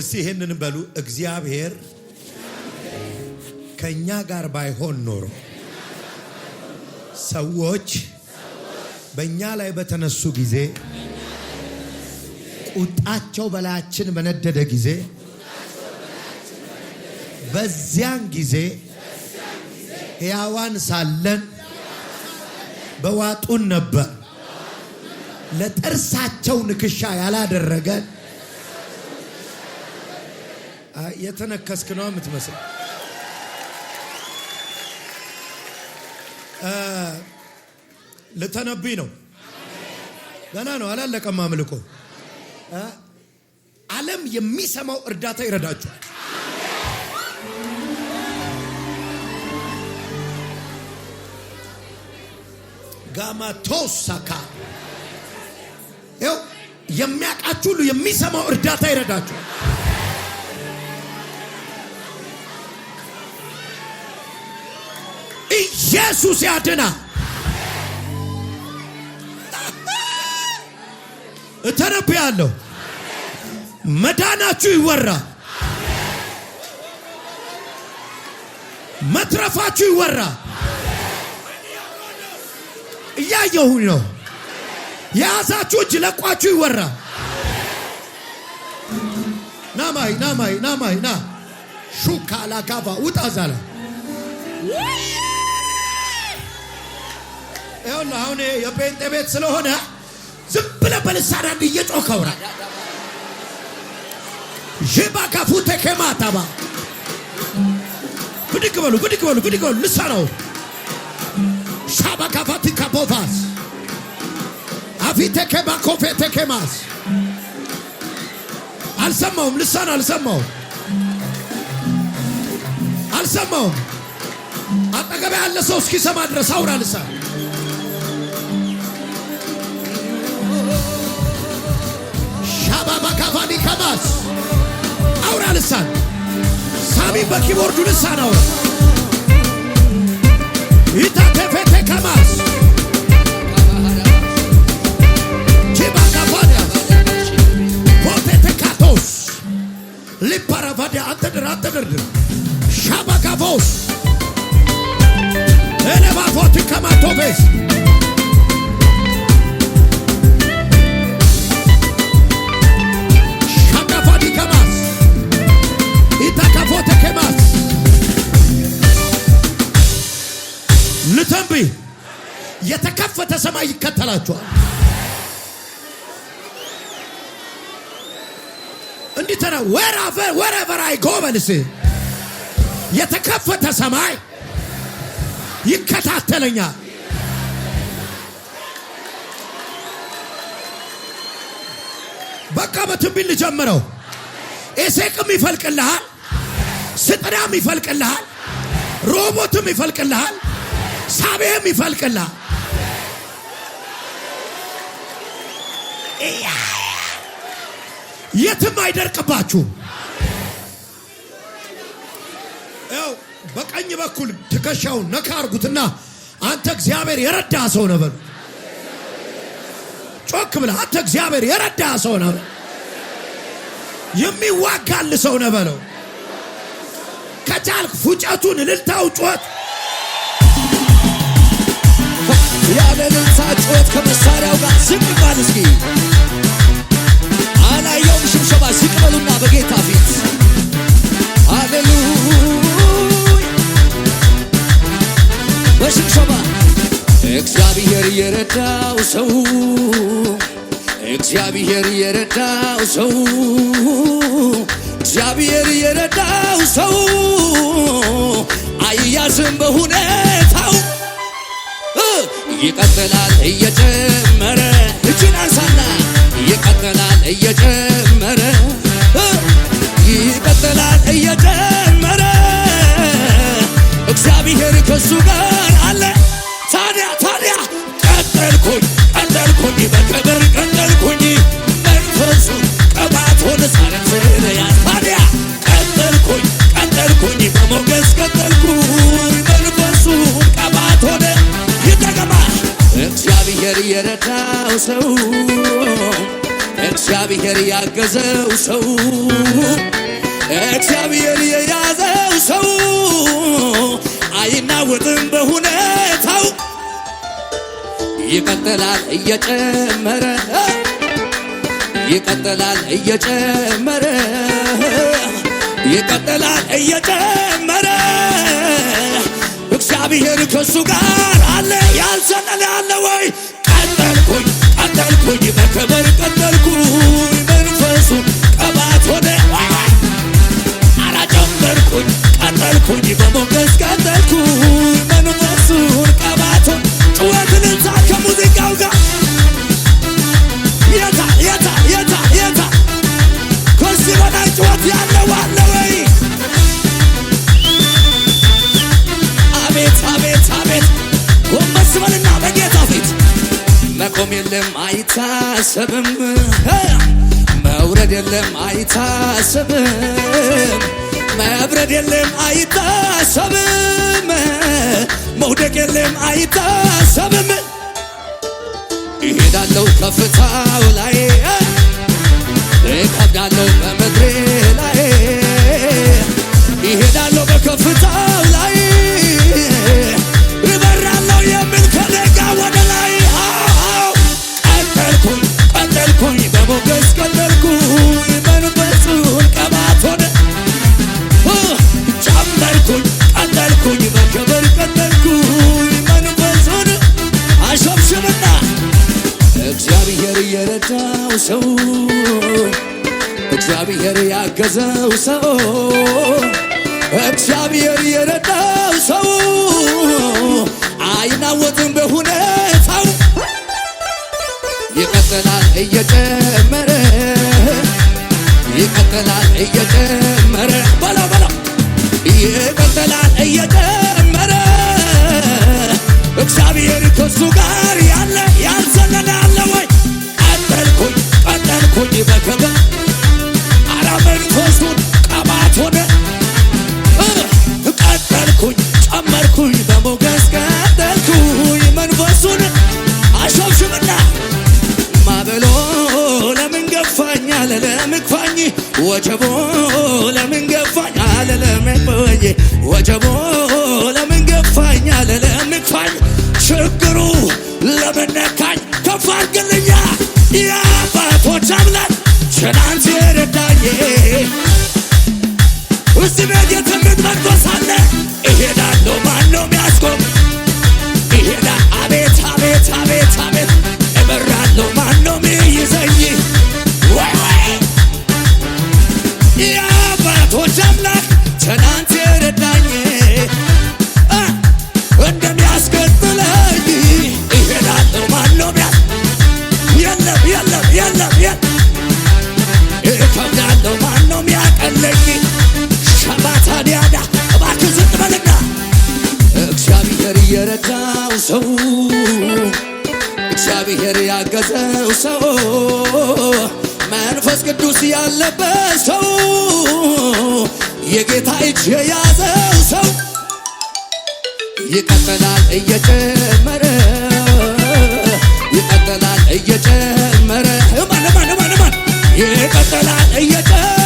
እስቲ ይህንን በሉ። እግዚአብሔር ከእኛ ጋር ባይሆን ኖሮ ሰዎች በእኛ ላይ በተነሱ ጊዜ ቁጣቸው በላያችን በነደደ ጊዜ በዚያን ጊዜ ሕያዋን ሳለን በዋጡን ነበር። ለጥርሳቸው ንክሻ ያላደረገን የተነከስክ ነው የምትመስል። ልተነብይ ነው። ገና ነው፣ አላለቀም። አምልኮ ዓለም የሚሰማው እርዳታ ይረዳችኋል። ጋማቶሳካ ው የሚያውቃችሁ ሁሉ የሚሰማው እርዳታ ይረዳችኋል። ኢየሱስ ያድና እተነብያለሁ። መዳናችሁ ይወራ፣ መትረፋችሁ ይወራ። እያየሁ ነው። የያዛችሁ እጅ ለቋችሁ ይወራ። ናማይ ናማይ ናማይ ና ሹካላጋባ ውጣ ዛላ ይኸውልህ አሁን የጴንጤ ቤት ስለሆነ ዝም ብለህ በልሳን አንድ እየጮህ ከውራ ዥባ ከፉ ተኬማ ታባ ብድግ በሉ ብድግ በሉ ብድግ በሉ ልሳነው ሻባ ካፋቲ ካፖፋስ አፊቴ ኬማ ኮፌቴ ኬማስ አልሰማውም። ልሳን አልሰማውም። አልሰማውም። አጠገቤ ያለ ሰው እስኪሰማ ድረስ አውራ ልሳን ባባካፋኒ ከማስ አውራ ልሳን ሳሚን በኪቦርዱ ልሳን አውራ ይታቴፌቴ ከማስ ሊፓራቫዲያ አትድር አትድርድር ሻባካፎስ ኤሌባፎቲ ከማቶፌስ ታካፎተ ኬማስ ልተንብ የተከፈተ ሰማይ ይከተላቸዋል። እንዲህ ተና ወረቨር አይ ጎ በልስ የተከፈተ ሰማይ ይከታተለኛል። በቃ በትንቢት ልጀምረው። ኤሴቅም ይፈልቅልሃል ስጥናም ይፈልቅልሃል፣ ሮቦትም ይፈልቅልሃል፣ ሳቤም ይፈልቅልሃል። የትም አይደርቅባችሁም። ያው በቀኝ በኩል ትከሻውን ነካ አርጉትና አንተ እግዚአብሔር የረዳ ሰው ነው በሉ። ጮክ ብለህ አንተ እግዚአብሔር የረዳ ሰው ነህ በሉ። የሚዋጋል ሰው ነህ በለው። ከቻልክ ፉጨቱን፣ እልልታው፣ ጩኸት ያለ እልልታ ጩኸት ከመሳሪያው ጋር ዝቅ በል እስኪ አላየውም ሽብሸባ ዝቅ በጌታ ፊት ሃሌሉያ በሽብሸባ እግዚአብሔር የረዳው ሰው እግዚአብሔር የረዳው ሰው እግዚአብሔር የረዳው ሰው አልያዝም በሁኔታው ይቀጥላል እየጨመረ እጅን አንሳና ይቀጥላል እየጨመረ ሰው እግዚአብሔር ያገዘው ሰው እግዚአብሔር የያዘው ሰው አይናወጥም በሁኔታው ይቀጥላል እየጨመረ ይቀጥላል እየጨመረ ይቀጥላል እየጨመረ እግዚአብሔር ከሱ ጋር አለ ያልዘለለ አለ ወይ ቀጠልኩኝ በክብር ቀጠልኩኝ መንፈሱን ቀባት ሆነ አራጨመርኩኝ ቀጠልኩኝ በሞ የለም አይታሰብም፣ መውረድ የለም አይታሰብም፣ መብረድ የለም አይታሰብም፣ መውደቅ የለም አይታሰብም። ይሄዳለው ከፍታው ላይ እከብዳለው ያገዘው ሰው እግዚአብሔር የረዳው ሰው አይናወጥም በሁኔታው ይቀጥላል እየጨመረ ይቀጥላል እየጨመረ በላ በላ ይቀጥላል እየጨመረ ወጀቦ ለምን ገፋኝ አለ ለምኝ ወጀቦ ለምን ገፋኝ አለ ለምክፋኝ ችግሩ ለምን ነካኝ ከፍ አድርግልኛ የአባቶች አምላክ ትናንት የረዳኝ እዚህ ቤት የትምህርት መርዶስ አለ የረዳው ሰው እግዚአብሔር ያገዘው ሰው መንፈስ ቅዱስ ያለበት ሰው የጌታ እጅ የያዘው ሰው ይቀጥላል እየጨመረ ይቀጥላል እየጨመረ ማን ማን ማን ማን ይቀጥላል እየጨመረ